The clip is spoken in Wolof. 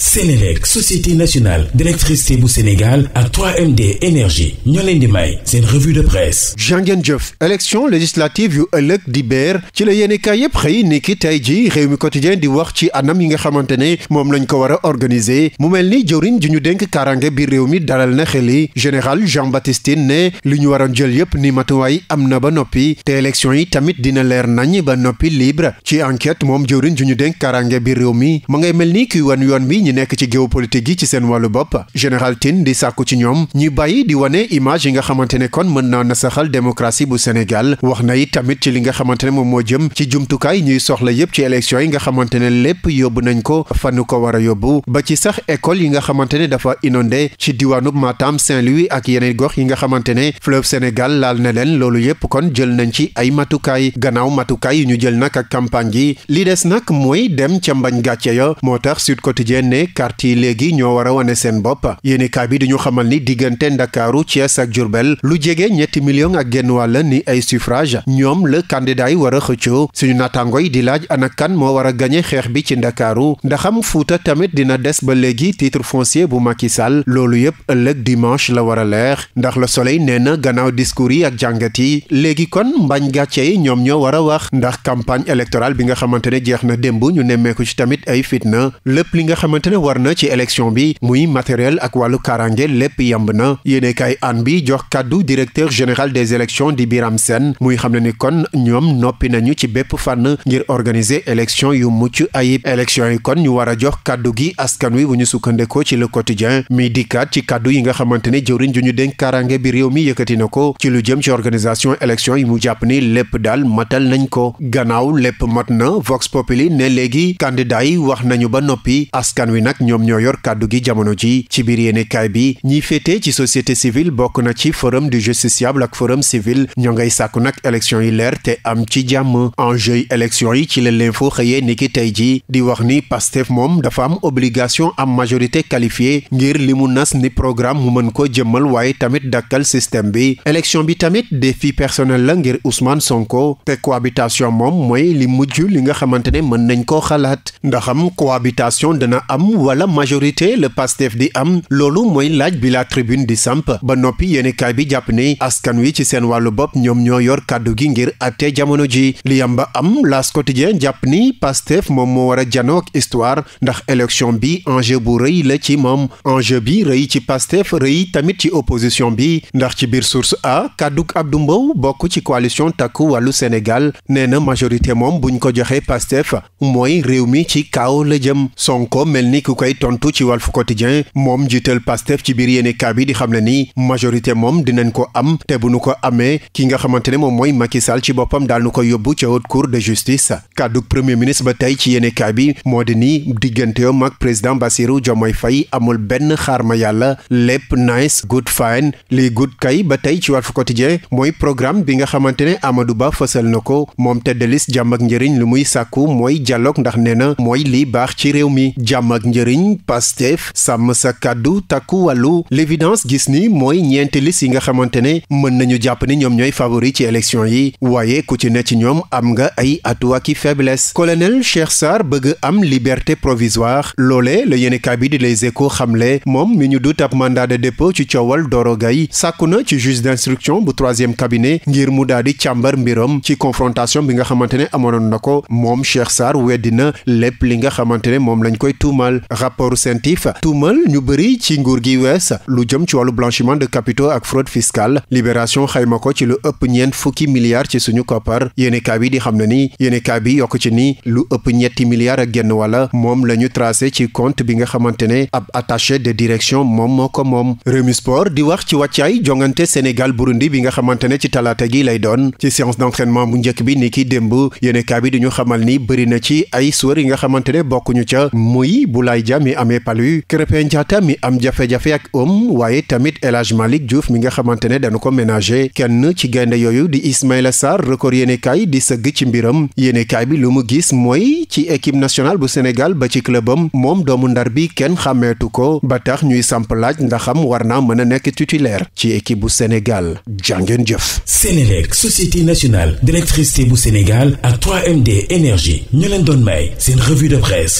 Sénélec société nationale d'électricité bu Sénégal ak 3MD énergie ñoo leen di may seen revue de presse jàngeen jëf élection législative yu ëllëg di beer ci la yenn kaay yépp xëy ni ki tey ji réew mi quotidien di wax ci anam yi nga xamante ne moom lañu ko war a organiser mu mel ni jëwriñ ji ñu dénk kaaraange bi réew mi dalal na xeli général Jean Baptiste Tine ne li ñu waroon jël yépp ni matuwaay am na ba noppi te élection yi tamit dina leer nañ ba noppi libre ci enquête moom jëwriñ ju ñu denk kaaraange bi réew mi mu ngay mel ni kuy wan yoon bi ñi nekk ci géopolitique yi ci seen wàllu bopp général Tine di sàkku ci ñoom ñi bàyyi di wane image yi nga xamante ne kon mën na nasaxal démocratie bu Sénégal wax na yi tamit ci li nga xamante ne moom moo jëm ci jumtukaay ñuy soxla yépp ci élection yi nga xamante ne lépp yóbbu nañ ko fanu ko war a yóbbu ba ci sax école yi nga xamante ne dafa inondé ci diwaanub Matam Saint-Louis ak yeneen gox yi nga xamante ne fleuve Sénégal laal na leen loolu yépp kon jël nañ ci ay matukaay gannaaw matukaay yu ñu jël nag ak campagne gi li mooy dem ca ne quartier yi léegi ñoo war a wane seen bopp yéenekaay bi dañu xamal ni diggante Ndakaaru Thiès ak Diourbel lu jege ñetti million ak genn wàlla ni ay suffrage ñoom la candidat yi war a xëccoo suñu naataango yi di laaj ana kan moo war a gañe xeex bi ci Ndakaaru ndaxam Fuuta tamit dina des ba léegi titre foncier bu Macky Sall loolu yépp ëllëg dimanche la war a leer ndax Le Soleil nee na gannaaw discours yi ak jàngat yi léegi kon mbañ gàcce yi ñoom ñoo war wax ndax campagne électorale bi nga xamante jeex na démb ñu xamante ne war na ci élection bi muy matériel ak wàllu karange lépp yemb na yéene kaay an bi jox kàddu directeur général des élections di biiram seen muy xam ne ni kon ñoom noppi nañu ci bépp fànn ngir organiser élection yu mucc ayib élection yi kon ñu war a jox kàddu gi askan wi bu ñu sukkandekoo ci le quotidien mi dikkaat ci kàddu yi nga xamante ne jëwriñ ju ñu dénk karange bi réew mi yëkkati na ko ci lu jëm ci organisation élection yi mu jàpp ni lépp daal matal nañ ko gannaaw lépp mat na wi nag ñoom ñoo yor kàddu gi jamono ji ci biir yéenekaay bi ñiy féete ci société civile bokk na ci forum du justiciable ak forum civil ñoo ngay sàkku nag élection yi leer te am ci jàmm enjeu élection yi ci la l'info xëyee niki tey ji di wax ni Pastef moom dafa am obligation am majorité qualifiée ngir li mu nas ni programme mu mën ko jëmmal waaye tamit dakkal système bi élection bi tamit défi personnel la ngir Ousmane Sonko te cohabitation moom mooy li mujj li nga xamante ne mën nañ koo xalaat ndaxam cohabitation dana am am wala majorité le Pastef di am loolu mooy laaj bi la tribune di samp ba noppi yéenekaay bi jàpp ni askan wi ci seen wàllu bopp ñoom ñoo yor kàddu gi ngir atte jamono ji li am ba am L'As Quotidien jàpp ni Pastef moom moo war a janoo ak ndax élection bi enjeu bu rëy la ci moom enjeu bi rëy ci Pastef rëy tamit ci opposition bi ndax ci biir source a kàdduk Abdou Mbow bokk ci coalition takku wàllu Sénégal nee na majorité moom buñ ko joxee Pastef ni ku koy tontu ci Walf Quotidien moom njiital Pastef ci biir yéene kaa bi di xam ne ni majorité moom dinañ ko am te bu nu ko amee ki nga xamante ne moom mooy Macky ci boppam daal nu ko yóbbu ca haute cour de justice kàddug premier ministre ba tey ci yéene kaa bi moo di ni diggante yoom ak président Bassirou Diomaye fay amul benn xaar ma yàlla lépp nice good fine lii good kay ba tey ci Walf Quotidien mooy programme bi nga xamante ne Amadou Ba fësal na ko moom te teddalis jàmm ak njëriñ li muy sàkku mooy dialogue ndax nee na mooy lii baax ci réew mi jàmm ak njëriñ Pastef sàmm sa kàddu takku wàllu l'évidence gis ni mooy ñeenti liste yi nga xamante ne mën nañu jàpp ni ñoom ñooy favori ci élection yi waaye ku ci ne ci ñoom am nga ay atuwaaki faiblesse colonel Cheikh Sarr bëgg am liberté provisoire loole la yéenekaay bi di Les Échos xamle moom mi ñu du ab mandat de dépôt ci coowal Doro Gaye sàkku na ci juge d'instruction bu troisième cabinet ngir mu daal di càmbar mbiram ci confrontation bi nga xamante ne amoonoon amal rapport CENTIF tuumal ñu bëri ci nguur gi wees lu jëm ci wàllu blanchiment de capitaux ak fraude fiscale libération xayma ko ci lu ëpp ñeent fukki milliards ci suñu koppar yéenekaay bi di xam ne ni yéenekaay bi yokk ci ni lu ëpp ñetti milliards ak genn wala moom la ñu tracé ci compte bi nga xamante ne ab attaché de direction moom moo ko moom Rewmi Sport di wax ci wàccaay jongante Sénégal Burundi bi nga xamante ne ci talaata gi lay doon ci séance d'entraînement bu bi ni ki démb yéenekaay bi di yi nga xamante ne Boulaye Dia mi amee palu Krépin Diatta mi am jafe-jafe ak om waaye tamit El Hadj Malick Diouf mi nga xamante ne dañu ko ménager kenn ci gaynde yooyu di Ismaïla Sarr record yéenekaay di sëgg ci mbiram yéenekaay bi lu mu gis mooy ci équipe nationale bu Sénégal ba ci clubam moom doomu ndar bi kenn xàmmeetu ko ba tax ñuy samp laaj ndaxam war naa mën a nekk titulaire ci équipe bu Sénégal jàngeen jëf. Sénélec société nationale d'électricité bu Sénégal ak md énergie ñu leen doon may seen revue de presse.